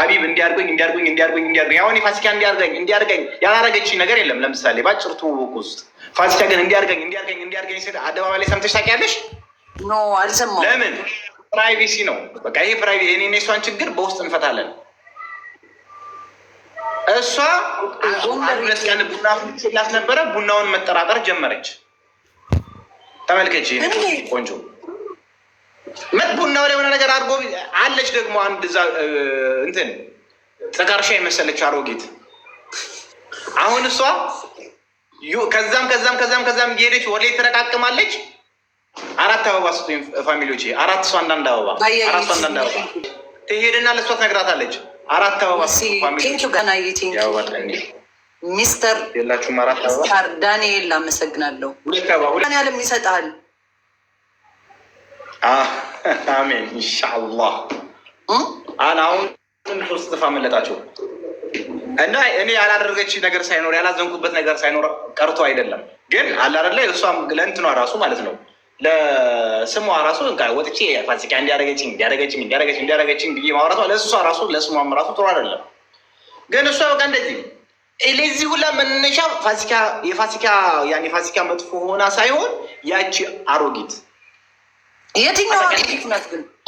ሀቢብ እንዲያርገኝ እንዲያርገኝ እንዲያርገኝ እንዲያርገኝ አሁን የፋሲካ እንዲያርገኝ እንዲያርገኝ ያላረገችኝ ነገር የለም። ለምሳሌ በአጭር ትውውቅ ውስጥ ፋሲካ ግን እንዲያርገኝ እንዲያርገኝ እንዲያርገኝ ስል አደባባይ ላይ ሰምተሽ ታውቂያለሽ? ኖ አልሰማሁም። ለምን? ፕራይቬሲ ነው በቃ። ይሄ ፕራይቬ እኔ እሷን ችግር በውስጥ እንፈታለን። እሷ ሁለት ቀን ቡና ላት ነበረ ቡናውን መጠራጠር ጀመረች። ተመልከች ቆንጆ መጥቡና ወደ የሆነ ነገር አድርጎ አለች። ደግሞ አንድ እዛ እንትን ጠቃርሻ የመሰለች አሮጌት አሁን እሷ ከዛም ከዛም ከዛም ከዛም እየሄደች ወደ ላይ ተረቃቅማለች። አራት አበባ ስጡኝ ፋሚሊዎች፣ አራት እሷ አንዳንድ አበባ አራት እሷ አንዳንድ አበባ ትሄድና ለእሷ ትነግራታለች። አራት አበባ ሚስተር ዳንኤል አመሰግናለሁ። ሁለት አበባ ሁለት ይሰጣል አሜን እንሻላ አን አሁን ሶስት ጥፋ አመለጣቸው እና እኔ ያላደረገች ነገር ሳይኖር ያላዘንኩበት ነገር ሳይኖር ቀርቶ አይደለም፣ ግን አላደለ እሷም ለእንትኗ ራሱ ማለት ነው ለስሟ ራሱ ወጥቼ ፋሲካ እንዲያደረገች እንዲያደረገች እንዲያደረገች እንዲያደረገች ብዬ ማውራቷ ለእሷ ራሱ ለስሟም ራሱ ጥሩ አይደለም። ግን እሷ በቃ እንደዚህ ለዚህ ሁላ መነሻ ፋሲካ የፋሲካ ያን የፋሲካ መጥፎ ሆና ሳይሆን ያቺ አሮጊት የትኛው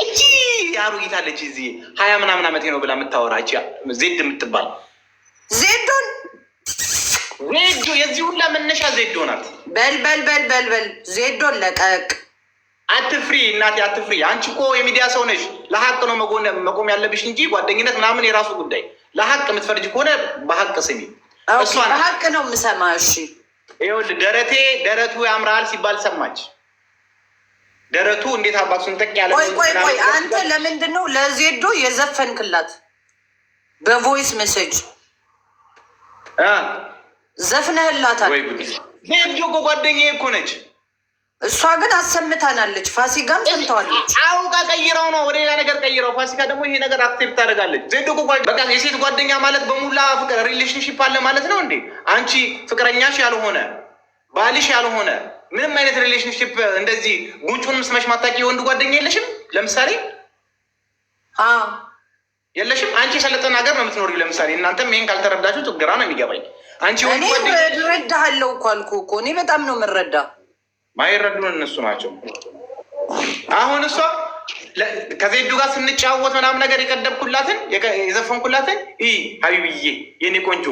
እቺ አሮጊት አለች እዚህ ሀያ ምናምን ዓመቴ ነው ብላ የምታወራች ዜድ የምትባል ዜዶን ዜዶ የዚህ ሁላ መነሻ ዜዶ ናት። በል በል በል በል በል ዜዶን ለቀቅ። አትፍሪ እናቴ አትፍሪ። አንቺ እኮ የሚዲያ ሰው ነሽ። ለሀቅ ነው መቆም ያለብሽ እንጂ ጓደኝነት ምናምን የራሱ ጉዳይ። ለሀቅ የምትፈርጅ ከሆነ በሀቅ ስሚ። በሀቅ ነው የምሰማ። እሺ ይኸውልህ፣ ደረቴ ደረቱ ያምራል ሲባል ሰማች ደረቱ እንዴት አባቱን ስንጠቅ ያለ። ቆይ ቆይ ቆይ፣ አንተ ለምንድን ነው ለዜዶ የዘፈንክላት? በቮይስ ሜሴጅ ዘፍነህላታል። ዜዶ እኮ ጓደኛዬ እኮ ነች። እሷ ግን አሰምታናለች። ፋሲካም ሰምተዋለች። አውቃ ቀይረው ነው ወደ ሌላ ነገር ቀይረው። ፋሲካ ደግሞ ይሄ ነገር አክሴፕት ታደርጋለች። ዜዶ እኮ በቃ የሴት ጓደኛ ማለት በሙላ ፍቅር ሪሌሽንሽፕ አለ ማለት ነው እንዴ? አንቺ ፍቅረኛሽ ያልሆነ ባልሽ ያልሆነ ምንም አይነት ሪሌሽንሽፕ እንደዚህ ጉንጩንም ምስመሽ ማታቂ የወንድ ጓደኛ የለሽም? ለምሳሌ የለሽም። አንቺ የሰለጠን ሀገር ነው የምትኖሪው። ለምሳሌ እናንተም ይህን ካልተረዳችሁ ትግራ ነው የሚገባኝ። አንቺ ወንድ እረዳሃለሁ እኮ እኮ እኔ በጣም ነው የምረዳ። ማይረዱን እነሱ ናቸው። አሁን እሷ ከዜዱ ጋር ስንጫወት ምናምን ነገር የቀደብኩላትን የዘፈንኩላትን ይ ሀቢብዬ የኔ ቆንጆ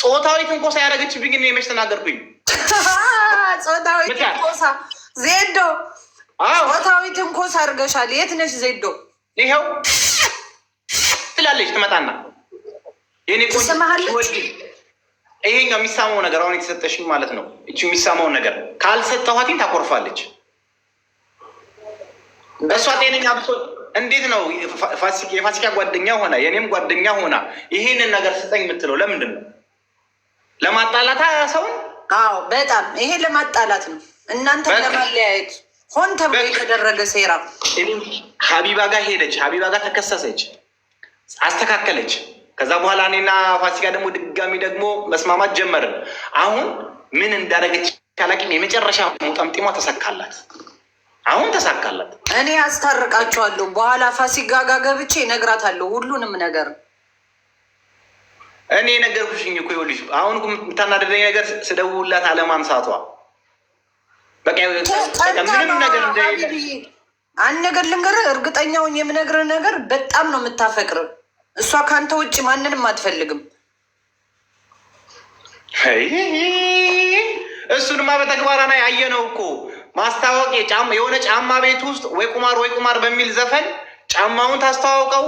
ፆታዊ ትንኮሳ ያደረገችብኝ ግን መች ተናገርኩኝ? ፆታዊ ትንኮሳ ዜዶ ፆታዊ ትንኮሳ አድርገሻል። የት ነሽ ዜዶ? ይኸው ትላለች ትመጣና ስማለች። ይሄኛው የሚሳማው ነገር አሁን የተሰጠሽኝ ማለት ነው። እቺ የሚሳማውን ነገር ካልሰጠኋትኝ ታኮርፋለች። እሷ ጤነኛ እንዴት ነው የፋሲካ ጓደኛ ሆና የእኔም ጓደኛ ሆና ይሄንን ነገር ስጠኝ የምትለው ለምንድን ነው? ለማጣላት ሰውን አዎ በጣም ይሄ ለማጣላት ነው፣ እናንተ ለማለያየት ሆን ተብሎ የተደረገ ሴራ። ሀቢባ ጋር ሄደች፣ ሀቢባ ጋር ተከሰሰች፣ አስተካከለች። ከዛ በኋላ እኔና ፋሲካ ደግሞ ድጋሚ ደግሞ መስማማት ጀመርን። አሁን ምን እንዳደረገች ካላቂም የመጨረሻ ጠምጢሟ ተሳካላት። አሁን ተሳካላት። እኔ አስታርቃችኋለሁ። በኋላ ፋሲካ ጋር ገብቼ እነግራታለሁ ሁሉንም ነገር እኔ የነገርኩሽኝ እኮ ይኸውልሽ፣ አሁን የምታናደደኝ ነገር ስደውላት አለማንሳቷ በቃ ምንም ነገር አንድ ነገር ልንገርህ፣ እርግጠኛውን የምነግርህ ነገር በጣም ነው የምታፈቅር። እሷ ከአንተ ውጭ ማንንም አትፈልግም። እሱንማ በተግባራ ያየ ነው እኮ ማስታወቅ የሆነ ጫማ ቤት ውስጥ ወይ ቁማር ወይ ቁማር በሚል ዘፈን ጫማውን ታስተዋውቀው፣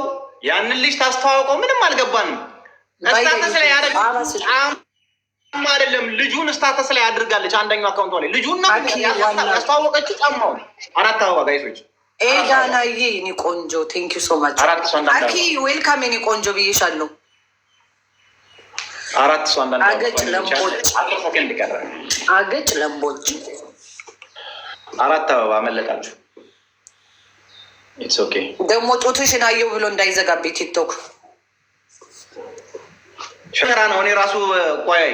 ያንን ልጅ ታስተዋውቀው፣ ምንም አልገባንም። ስታተስ ላይ አይደለም ልጁን ስታተስ ላይ አድርጋለች። አንደኛው አካውንቷ ላይ ልጁን ያስተዋወቀችው ጫማው አራት አበባ ጋይሶች ኤዳናዬ እኔ ቆንጆ ቴንክ ዩ ሶ ማች አኪ ዌልካም የኔ ቆንጆ ብዬሻለሁ። አራት ሰው አንዳንድ አገጭ ለምቦች አገጭ ለምቦች አራት አበባ አመለጣችሁ። ኢትስ ኦኬ ደግሞ ጡትሽን አየው ብሎ እንዳይዘጋቤ ቲክቶክ ሸራ ነው። እኔ ራሱ ቆያይ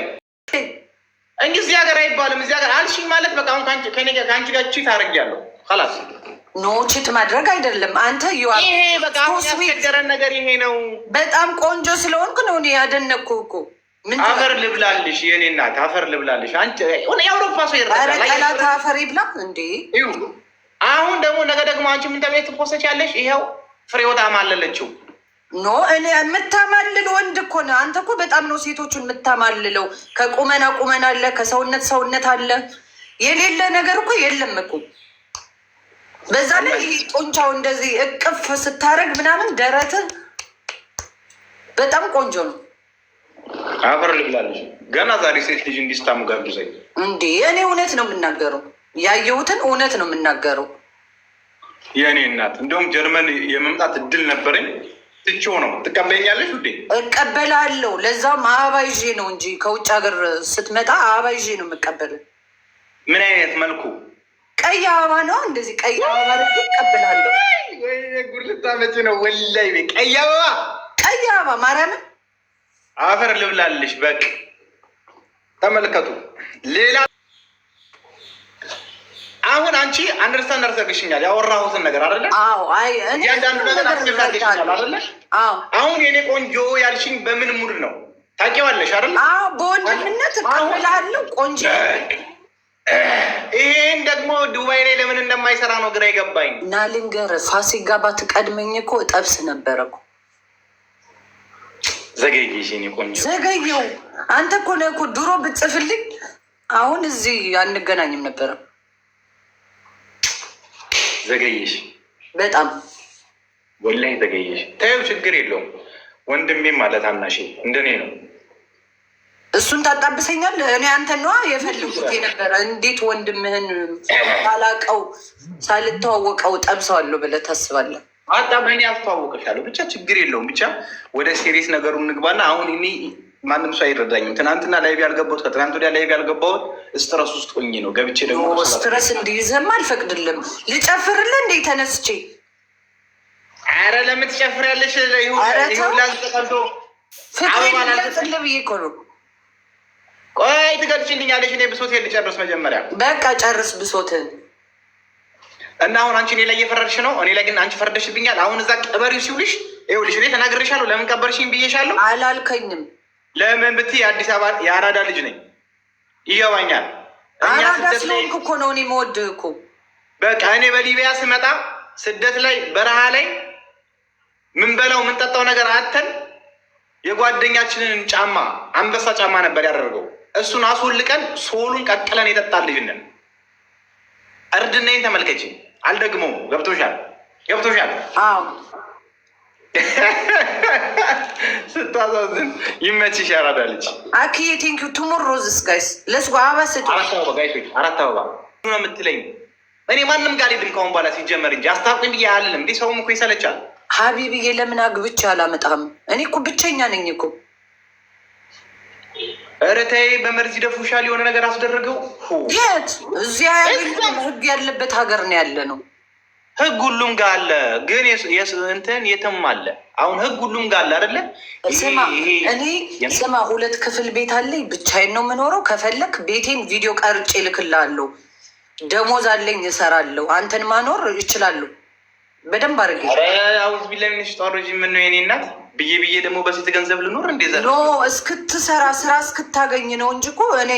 እንግዲህ እዚህ ሀገር አይባልም። እዚህ ሀገር አልሽኝ ማለት በቃ አሁን ከአንቺ ጋር ቺት አደርጊያለሁ። ላስ ኖ ቺት ማድረግ አይደለም። አንተ ይሄ በቃ ያስቸገረን ነገር ይሄ ነው። በጣም ቆንጆ ስለሆንኩ ነው እኔ ያደነቅኩ እኮ አፈር ልብላልሽ የኔ እናት፣ አፈር ልብላልሽ። የአውሮፓ ሰው ይረዳል። አፈር ይብላ እንዴ! አሁን ደግሞ ነገ ደግሞ አንቺ ምን ተቤት ፖሰች ያለሽ ይኸው ፍሬ ወጣ ማለለችው ኖ እኔ የምታማልል ወንድ እኮ ነህ አንተ። እኮ በጣም ነው ሴቶቹን የምታማልለው። ከቁመና ቁመና አለ፣ ከሰውነት ሰውነት አለ። የሌለ ነገር እኮ የለም እኮ በዛ ላይ ጡንቻው እንደዚህ እቅፍ ስታደርግ ምናምን ደረት በጣም ቆንጆ ነው። አፈር ልብላለች ገና ዛሬ ሴት ልጅ እንዲስታሙ ጋብዘኝ እንዴ! እኔ እውነት ነው የምናገረው፣ ያየሁትን እውነት ነው የምናገረው። የእኔ እናት እንደውም ጀርመን የመምጣት እድል ነበረኝ ትንቾ ነው ትቀበለኛለች ውዴ? እቀበላለሁ። ለዛም አበባ ይዤ ነው እንጂ ከውጭ ሀገር ስትመጣ አበባ ይዤ ነው የምቀበል። ምን አይነት መልኩ? ቀይ አበባ ነው። እንደዚህ ቀይ አበባ እቀበላለሁ። ጉድ ልታመጪ ነው? ወላይ ቀይ አበባ ቀይ አበባ ማርያምን አፈር ልብላለሽ። በቅ ተመልከቱ ሌላ አሁን አንቺ አንደርስታንድ አድርገሽኛል፣ ያወራሁትን ነገር አይደለ? አዎ፣ አይ እኔ ያንዳንዱ ነገር አድርገሽኛል አይደለ? አዎ። አሁን የኔ ቆንጆ ያልሽኝ በምን ሙድ ነው ታውቂዋለሽ አይደለ? በወንድምነት እቀበላለሁ ቆንጆ። ይሄን ደግሞ ዱባይ ላይ ለምን እንደማይሰራ ነው ግራ የገባኝ። እና ልንገርህ ፋሲካ ባትቀድመኝ እኮ እጠብስ ነበረ እኮ ዘገየው። አንተ እኮ ነው እኮ ድሮ ብትጽፍልኝ አሁን እዚህ አንገናኝም ነበረም። ዘገየሽ፣ በጣም ወላይ ዘገየሽ። ታዩ ችግር የለውም ወንድሜ ማለት አናሽ እንደኔ ነው። እሱን ታጣብሰኛል። እኔ አንተ ነዋ የፈልጉት የነበረ እንዴት ወንድምህን ሳላቀው ሳልተዋወቀው ጠብሰዋለሁ ብለህ ታስባለህ? አጣም እኔ አስተዋወቀሻለሁ። ብቻ ችግር የለውም። ብቻ ወደ ሴሪስ ነገሩን እንግባና አሁን እኔ ማንም ሰው አይረዳኝም። ትናንትና ላይቭ ያልገባሁት ከትናንት ወዲያ ላይቭ ያልገባሁት ስትረስ ውስጥ ሆኜ ነው። ገብቼ ደግሞ ስትረስ እንዲይዘም አልፈቅድልም። ልጨፍርልህ እንዴ ተነስቼ? አረ ለምን ትጨፍሪያለሽ? ፍቅሬን ብዬ እኮ ነው። ቆይ ትገልጭልኛለሽ። እኔ ብሶት ልጨርስ መጀመሪያ። በቃ ጨርስ ብሶትን እና አሁን አንቺ እኔ ላይ እየፈረድሽ ነው። እኔ ላይ ግን አንቺ ፈርደሽብኛል። አሁን እዛ ቅበሪው ሲውልሽ ይኸውልሽ፣ እኔ ተናግሬሻለሁ። ለምን ቀበርሽኝ ብዬሻለሁ። አላልከኝም ለምን ብትይ የአዲስ አበባ የአራዳ ልጅ ነኝ፣ ይገባኛል። አራዳ እኮ ነው እኔ እኮ። በቃ እኔ በሊቢያ ስመጣ ስደት ላይ በረሃ ላይ ምንበላው ምንጠጣው ነገር አተን የጓደኛችንን ጫማ አንበሳ ጫማ ነበር ያደረገው። እሱን አስወልቀን ሶሉን ቀቅለን የጠጣ ልጅነን። እርድናይን ተመልከች። አልደግመው። ገብቶሻል፣ ገብቶሻል። ስታሳዝን ይመችሽ። ልጅ አክዬ ቴንኪዩ ቱሙር ሮዝስ ጋይስ ለስ አበባ ስጡ። አራት አበባ ጋይሶች፣ አራት አበባ ነው የምትለኝ። እኔ ማንም ጋር ልድን ከአሁን በኋላ ሲጀመር እንጂ አስታርቁኝ ብዬ አልልም። እንዲህ ሰውም እኮ ይሰለቻል። ሀቢብዬ ለምን አግብቼ አላመጣም? እኔ እኮ ብቸኛ ነኝ እኮ። ኧረ ተይ፣ በመርዚ ደፉሻል። የሆነ ነገር አስደረገው የት እዚያ ህግ ያለበት ሀገር ነው ያለ ነው ህግ ሁሉም ጋር አለ፣ ግን እንትን የትም አለ። አሁን ህግ ሁሉም ጋር አለ አይደለ? ስማ እኔ ስማ፣ ሁለት ክፍል ቤት አለኝ፣ ብቻዬን ነው የምኖረው። ከፈለክ ቤቴን ቪዲዮ ቀርጬ እልክልሃለሁ። ደሞዝ አለኝ፣ እሰራለሁ። አንተን ማኖር እችላለሁ በደንብ አድርጌ። አውዝ ቢላ ሚኒሽ ጣሮጂ ምን ነው የኔ እናት ብዬ ብዬ ደግሞ በሴት ገንዘብ ልኖር እንዴ? ዘ እስክትሰራ ስራ እስክታገኝ ነው እንጂ እኮ እኔ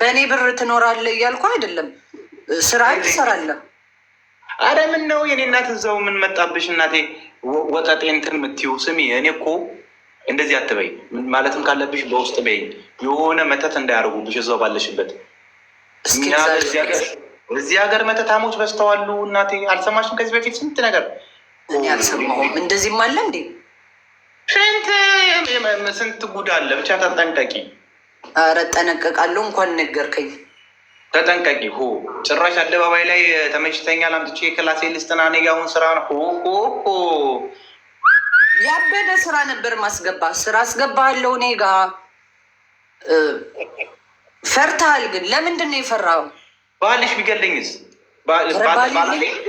በእኔ ብር ትኖራለህ እያልኩ አይደለም። ስራ ትሰራለህ አረ ምን ነው የኔ እናት እዛው ምን መጣብሽ እናቴ ወጠጤ እንትን የምትይው ስሚ እኔ እኮ እንደዚህ አትበይ ማለትም ካለብሽ በውስጥ በይ የሆነ መተት እንዳያደርጉብሽ እዛው ባለሽበት እዚህ ሀገር መተታሞች በዝተዋሉ እናቴ አልሰማሽም ከዚህ በፊት ስንት ነገር እኔ አልሰማሁም እንደዚህም አለ እንዴ ስንት ስንት ጉድ አለ ብቻ ተጠንቀቂ ኧረ እጠነቀቃለሁ እንኳን ነገርከኝ ተጠንቀቂ። ሆ ጭራሽ አደባባይ ላይ ተመችተኛል አምጥቼ የክላሴ ልስጥና ኔጋውን ስራ ሆ ሆ ሆ ያበደ ስራ ነበር ማስገባ ስራ አስገባለሁ እኔ ጋ ፈርታል። ግን ለምንድን ነው የፈራው? ባልሽ ቢገለኝስ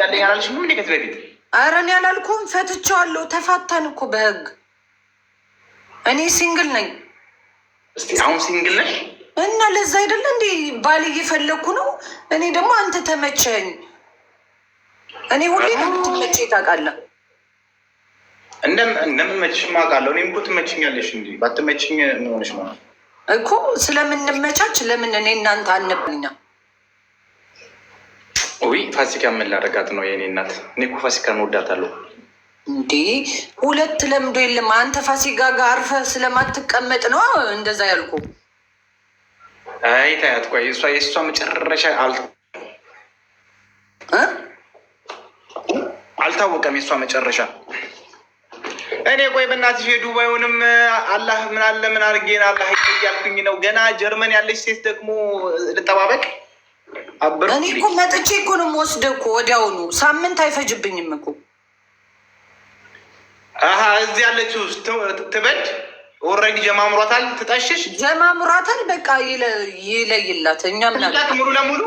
ያለኛልሽ ምን ከዚህ በፊት እኔ አላልኩም። ፈትቼዋለሁ። ተፋታን እኮ በህግ። እኔ ሲንግል ነኝ። እስኪ አሁን ሲንግል ነሽ? እና ለዛ አይደለ እንዴ ባል እየፈለግኩ ነው። እኔ ደግሞ አንተ ተመቸኝ። እኔ ሁሌ ነው እንደምትመቸኝ ታውቃለህ። እንደምመችሽማ አውቃለሁ። እኔም እኮ ትመችኛለሽ። እንዲ ባትመችኝ ሆነሽ ማለት እኮ ስለምንመቻች ለምን እኔ እናንተ አንብኛ ውይ ፋሲካ ምን ላደርጋት ነው የእኔ እናት? እኔ እኮ ፋሲካን ወዳታለሁ። እንዴ ሁለት ለምዶ የለም። አንተ ፋሲካ ጋር አርፈ ስለማትቀመጥ ነው እንደዛ ያልኩ አይ ታያት፣ ቆይ እሷ የእሷ መጨረሻ አልታወቀም። የእሷ መጨረሻ እኔ ቆይ በእናትሽ የዱባዩንም አላህ ምን አለ ምን አድርጌን አላህ እያልኩኝ ነው። ገና ጀርመን ያለች ሴት ደግሞ ልጠባበቅ። እኔ እኮ መጥቼ እኮ ነው የምወስደው እኮ ወዲያውኑ፣ ሳምንት አይፈጅብኝም እኮ እዚህ ያለችው ትበድ ኦልሬዲ ጀማምሯታል፣ ትጠሽሽ ጀማምሯታል። በቃ ይለይላት፣ እኛም ናት ሙሉ ለሙሉ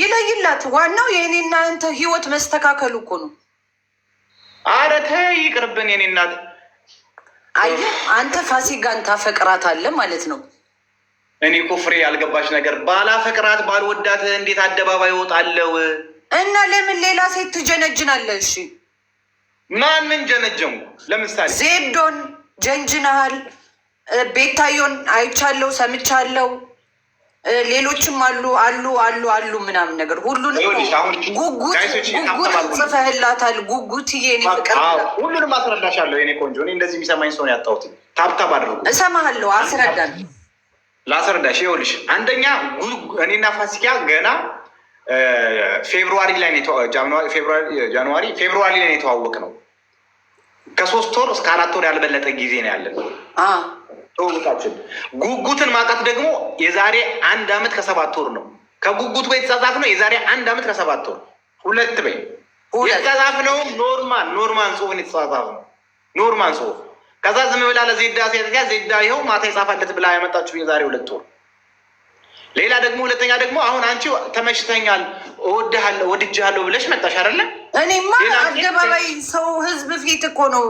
ይለይላት። ዋናው የእኔ እናንተ ህይወት መስተካከሉ እኮ ነው። አረ ተይ ይቅርብን፣ የኔ እናት። አየህ አንተ ፋሲካን ታፈቅራታለህ ማለት ነው። እኔ ኩፍሬ ያልገባች ነገር ባላፈቅራት ባልወዳት እንዴት አደባባይ እወጣለሁ? እና ለምን ሌላ ሴት ትጀነጅናለህ? እሺ ማንን ጀነጀሙ? ለምሳሌ ዜዶን ጀንጅናል ቤታዮን አይቻለው፣ ሰምቻለው። ሌሎችም አሉ አሉ አሉ አሉ ምናምን ነገር ሁሉንም ጉጉት ጽፈህላታል። ጉጉትዬ እኔ ፍቅር ሁሉንም አስረዳሻለሁ። ቆንጆ እኔ እንደዚህ የሚሰማኝ ሰው ነው ያጣሁት። ታብታብ አድርጉ። እሰማሃለሁ፣ አስረዳል። ላስረዳሽ፣ ይኸውልሽ አንደኛ እኔና ፋሲካ ገና ፌብሩዋሪ ላይ ጃንዋሪ ፌብሩዋሪ ላይ የተዋወቅ ነው ከሶስት ወር እስከ አራት ወር ያልበለጠ ጊዜ ነው ያለን ጥውቃችን። ጉጉትን ማውቃት ደግሞ የዛሬ አንድ አመት ከሰባት ወር ነው። ከጉጉት በይ የተጻጻፍ ነው የዛሬ አንድ አመት ከሰባት ወር ሁለት በይ የተጻጻፍ ነው። ኖርማል ኖርማል ጽሁፍን የተጻጻፍ ነው። ኖርማል ጽሁፍ ከዛ ዝም ብላ ለዜዳ ሴት ዜዳ ይኸው ማታ የጻፋለት ብላ ያመጣችሁ የዛሬ ሁለት ወር ሌላ ደግሞ ሁለተኛ ደግሞ አሁን አንቺ ተመችተኛል፣ እወድሃለሁ፣ ወድጃለሁ ብለሽ መጣሽ አይደለ? እኔማ አደባባይ ሰው ህዝብ ፊት እኮ ነው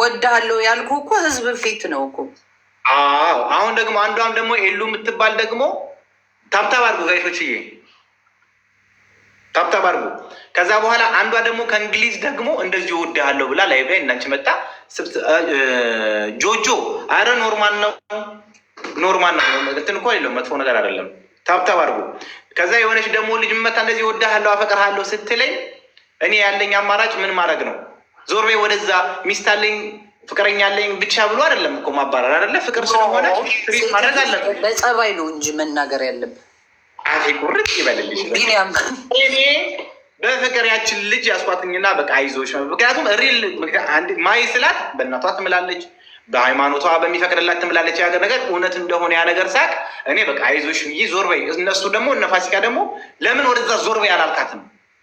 ወድሃለሁ ያልኩ እኮ ህዝብ ፊት ነው እኮ። አዎ አሁን ደግሞ አንዷም ደግሞ ኤሉ የምትባል ደግሞ ታብታብ አድርጉ ጋይሾችዬ፣ ታብታብ አድርጉ። ከዛ በኋላ አንዷ ደግሞ ከእንግሊዝ ደግሞ እንደዚህ እወድሃለሁ ብላ ላይቭ ላይ እናንቺ መጣ ጆጆ፣ አረ ኖርማል ነው ኖርማል ነው። እንትን እኮ የለውም መጥፎ ነገር አይደለም። ታብታብ አድርጎ ከዛ የሆነች ደግሞ ልጅ መታ እንደዚህ ወዳሃለሁ አፈቅርሃለሁ ስትለኝ እኔ ያለኝ አማራጭ ምን ማድረግ ነው? ዞር በይ ወደዛ ሚስት አለኝ ፍቅረኛ አለኝ ብቻ ብሎ አይደለም እኮ ማባረር አይደለ ፍቅር ስለሆነ ማድረግ አለብን። በጸባይ ነው እንጂ መናገር ያለብን። አፌ ቁርጥ ይበልልሽ። እኔ በፍቅር ያችን ልጅ ያስኳትኝና በቃ አይዞሽ፣ ምክንያቱም ሪል ማይ ስላት በእናቷ ትምላለች በሃይማኖቷ በሚፈቅድላት ትምላለች። ያገር ነገር እውነት እንደሆነ ያ ነገር ሳቅ እኔ በቃ አይዞሽ ይ ዞር በይ። እነሱ ደግሞ እነ ፋሲካ ደግሞ ለምን ወደዛ ዞር በይ አላልካትም?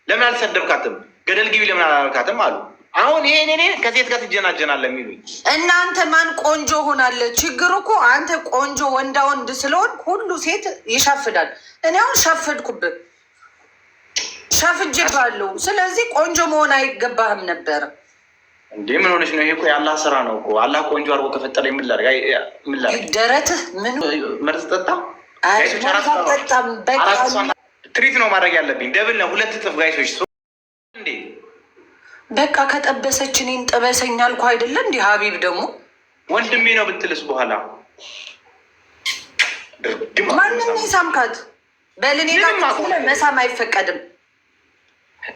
ለምን አልሰደብካትም? ገደል ግቢ ለምን አላልካትም አሉ። አሁን ይሄን እኔ ከሴት ጋር ትጀናጀናለ የሚሉኝ እናንተ ማን ቆንጆ ሆናለ? ችግሩ እኮ አንተ ቆንጆ ወንዳ ወንድ ስለሆን ሁሉ ሴት ይሸፍዳል። እኔ አሁን ሸፍድኩብህ ሸፍጅባለሁ። ስለዚህ ቆንጆ መሆን አይገባህም ነበር። እንዴ ምን ሆነች ነው? ይሄ እኮ የአላህ ስራ ነው እኮ አላህ ቆንጆ አድርጎ ከፈጠረ የምላርግ ምን መርዝ ጠጣ ትሪት ነው ማድረግ ያለብኝ። ደብል ነው ሁለት እጥፍ ጋይሶች። በቃ ከጠበሰች እኔን ጥበሰኝ አልኩ አይደለ? እንዲህ ሀቢብ ደግሞ ወንድሜ ነው ብትልስ በኋላ ማንም ሳምካት በልኔ መሳም አይፈቀድም።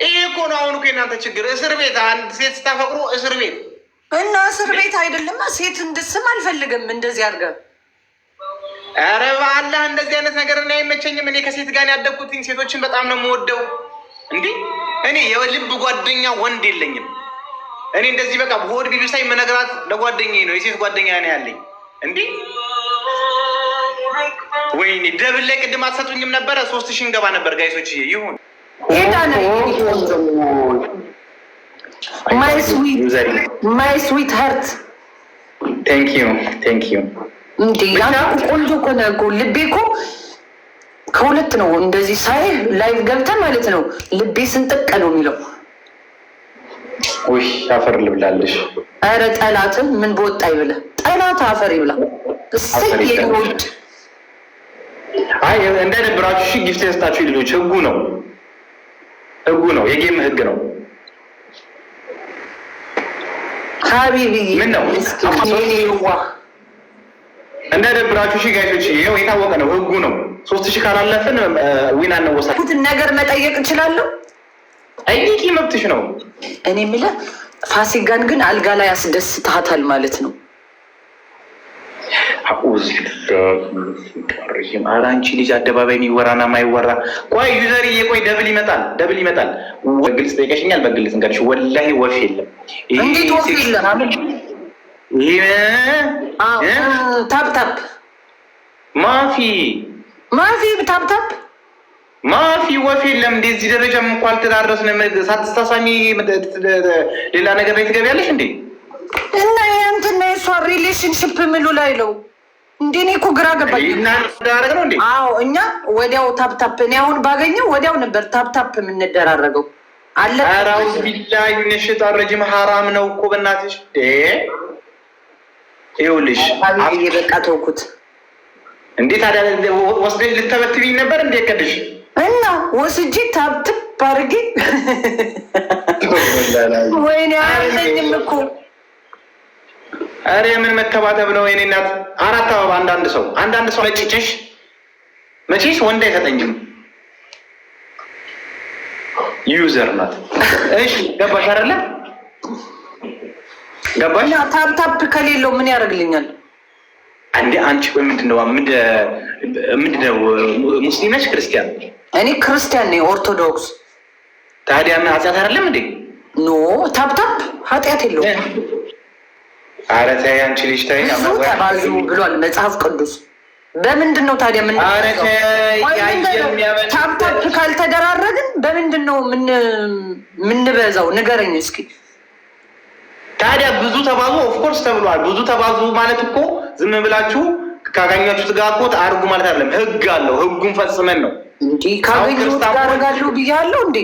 ይሄ እኮ ነው አሁን እኮ የእናንተ ችግር። እስር ቤት አንድ ሴት ስታፈቅሮ እስር ቤት እና እስር ቤት አይደለም ሴት እንድስም አልፈልግም እንደዚህ አድርገህ ኧረ በአላህ እንደዚህ አይነት ነገር እኔ አይመቸኝም። እኔ ከሴት ጋር ያደግኩትኝ ሴቶችን በጣም ነው የምወደው። እንዲህ እኔ የልብ ጓደኛ ወንድ የለኝም። እኔ እንደዚህ በቃ በሆድ ሳይ መነግራት ለጓደኛ ነው የሴት ጓደኛ ነው ያለኝ። እንዴ ወይኔ ደብል ላይ ቅድም አትሰጡኝም ነበረ። ሶስት ሺህ እንገባ ነበር ጋይሶች። ይሁን ማይ ስዊት ሀርት ቆንጆ እኮ ነው እኮ ልቤ እኮ ከሁለት ነው እንደዚህ ሳይ ላይቭ ገብተን ማለት ነው ልቤ ስንጠቅ ነው የሚለው። ውይ አፈር ልብላለሽ። ኧረ ጠላትን ምን በወጣ ይብላ፣ ጠላት አፈር ይብላ። እሰይ እንደነበራችሁ ሺ ጊፍት የሰጣችሁ ልጆች ህጉ ነው ህጉ ነው፣ የጌም ህግ ነው። ሀቢቢ ምን ነው እንዳይደብራችሁ ሺ ጋይቶች፣ ይኸው የታወቀ ነው፣ ህጉ ነው። ሶስት ሺህ ካላለፍን ዊና እንወሳለን። ነገር መጠየቅ እችላለሁ? ጠይቂ፣ መብትሽ ነው። እኔ የምልህ ፋሲካን ግን አልጋ ላይ አስደስታታል ማለት ነው። አቁዝ ኧረ አንቺ ልጅ አደባባይ የሚወራና ማይወራ ቆይ ዩዘር እየቆይ ደብል ይመጣል ደብል ይመጣል። በግልጽ ጠይቀሽኛል፣ በግልጽ እንገርሽ ወላሂ ወፍ የለም። እንዴት ወፍ የለም? ታፕታፕ ማፊ ማፊ ታፕታፕ ማፊ ወፍ የለም። እንደዚህ ደረጃ እንኳ አልተዳረስንም። ሳትስታሳሚ ሌላ ነገር ላይ ትገቢያለሽ እንዴ? እና ያንተና የሷ ሪሌሽንሽፕ ምሉ ላይ ነው እንደኔ እኮ ግራ ገባኝ። አዎ እኛ ወዲያው ታፕታፕ፣ እኔ አሁን ባገኘው ወዲያው ነበር ታፕታፕ የምንደራረገው። አለ አለራውዝ ቢላ ዩንሽጥ አረጅም ሀራም ነው እኮ በእናትሽ። ይኸውልሽ በቃ ተውኩት። እንዴት አዳ ወስደሽ ልተበትብኝ ነበር እንዴ ከድሽ እና ወስጂ ታብትብ አርጊ ወይኔ አያለኝም እኮ እሬ ምን መተባተብ ነው የኔ እናት? አራት አበባ አንዳንድ ሰው አንዳንድ ሰው ለጭጭሽ መቼሽ ወንድ አይሰጠኝም። ዩዘር ናት። እሺ ገባሽ አይደለ? ገባሽ። ታፕታፕ ከሌለው ምን ያደርግልኛል? አንዴ አንቺ ምንድነው ምንድነው? ሙስሊም ነሽ ክርስቲያን? እኔ ክርስቲያን ነኝ ኦርቶዶክስ። ታዲያ ምን ኃጢአት አይደለም እንዴ? ኖ ታፕታፕ ኃጢአት የለውም። ኧረ ተይ አንቺ ልጅ ተይ። ብሏል መጽሐፍ ቅዱስ። በምንድን ነው ታዲያ ታፕታፕ ካልተደራረግን በምንድን ነው ምንበዛው? ንገረኝ እስኪ ታዲያ። ብዙ ተባዙ ኦፍኮርስ ተብሏል። ብዙ ተባዙ ማለት እኮ ዝም ብላችሁ ካገኛችሁት ጋር እኮ አድርጉ ማለት አይደለም። ህግ አለው። ህጉን ፈጽመን ነው እንዲህ ካገኙት ጋር አድርጋለሁ ብያለሁ እንዴ።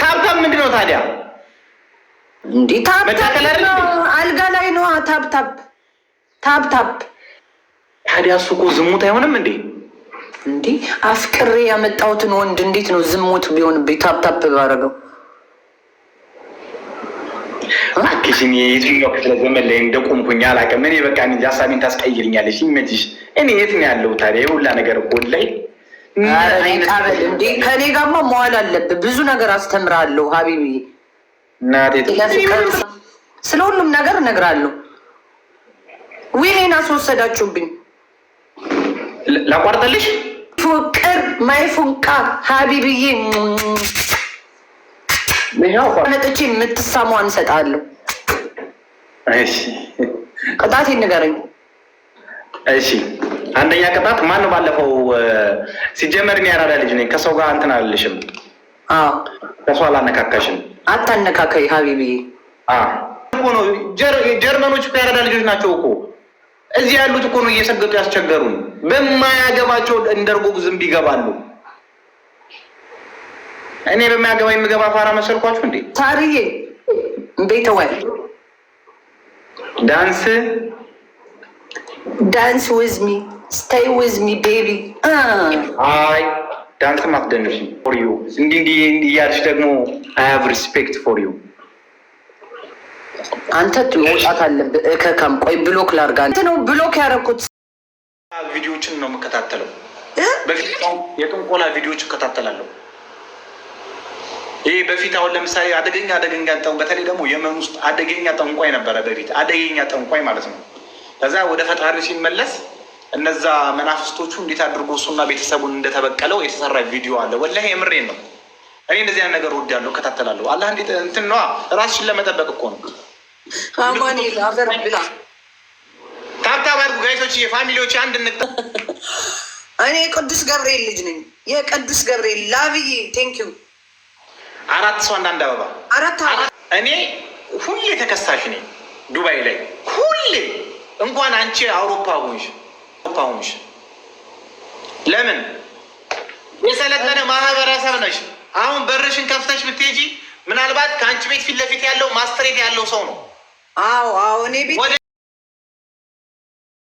ታፕታፕ ምንድን ነው ታዲያ? አልጋ ላይ ነው። ታብታብ ታብታብ። ታዲያ እሱ እኮ ዝሙት አይሆንም እንዴ? እንዴ አፍቅሬ ያመጣሁትን ወንድ እንዴት ነው ዝሙት ቢሆንብኝ? ታብታብ ባረገው አክሽን የትኛው ክፍለ ዘመን ላይ እንደቆምኩኝ አላውቅም። እኔ በቃ እንጂ ሀሳቤን ታስቀይርኛለች ይመችሽ። እኔ የት ነው ያለው ታዲያ? የሁላ ነገር ላይ ከኔ ጋማ መዋል አለብህ። ብዙ ነገር አስተምራለሁ ሀቢቢ ስለ ሁሉም ነገር እነግራለሁ። ዊሌን አስወሰዳችሁብኝ። ላቋርጠልሽ። ፍቅር ማይፉንቃ ሀቢብዬ ነጥቼ የምትሳሟን እሰጣለሁ። ቅጣት ንገረኝ። እሺ አንደኛ ቅጣት ማን ነው? ባለፈው ሲጀመር እኔ ያራዳ ልጅ ነኝ። ከሰው ጋር እንትን አልልሽም፣ ከሰው አላነካካሽም አታነካከይ ሀቢቢ ነው። ጀርመኖች ያረዳ ልጆች ናቸው እኮ እዚህ ያሉት እኮ ነው እየሰገጡ ያስቸገሩን። በማያገባቸው እንደርጎግ ዝንብ ይገባሉ። እኔ በማያገባ የምገባ ፋራ መሰልኳችሁ እንዴ? ታርዬ ቤተወል ዳንስ ዳንስ ዊዝ ሚ ስቴይ ዊዝ ሚ ቤቢ አይ ዳንስም አትደንሽ ፎር ዩ እንዲህ እንዲህ እያልሽ ደግሞ አይ ሀቭ ሪስፔክት ፎር ዩ አንተ መውጣት አለብህ። እከካም ቆይ ብሎክ ላርጋ አንተ ነው ብሎክ ያደረኩት ቪዲዮችን ነው የምከታተለው። በፊት የጥንቆላ ቪዲዮች እከታተላለሁ። ይህ በፊት አሁን ለምሳሌ አደገኛ አደገኛ ጠን በተለይ ደግሞ የመን ውስጥ አደገኛ ጠንቋይ ነበረ በፊት አደገኛ ጠንቋይ ማለት ነው። ከዛ ወደ ፈጣሪ ሲመለስ እነዛ መናፍስቶቹ እንዴት አድርጎ እሱና ቤተሰቡን እንደተበቀለው የተሰራ ቪዲዮ አለ። ወላሂ የምሬን ነው። እኔ እንደዚህ አይነት ነገር ወድ ያለው እከታተላለሁ። አላህ እንዴት እንትን ነዋ ራስሽን ለመጠበቅ እኮ ነው። ታብታብ አድርጉ ጋይቶች፣ የፋሚሊዎች አንድ እንጠ እኔ ቅዱስ ገብርኤል ልጅ ነኝ። የቅዱስ ገብርኤል ላብዬ ቴንክ ዩ። አራት ሰው አንዳንድ አበባ አራት እኔ ሁሌ ተከሳሽ ነኝ ዱባይ ላይ ሁሌ እንኳን አንቺ አውሮፓ ሆንሽ ታሁምሽ ለምን የሰለጠነ ማህበረሰብ ነሽ። አሁን በርሽን ከፍተሽ ብትሄጂ ምናልባት ከአንቺ ቤት ፊት ለፊት ያለው ማስትሬት ያለው ሰው ነው። አዎ አዎ እኔ ቤት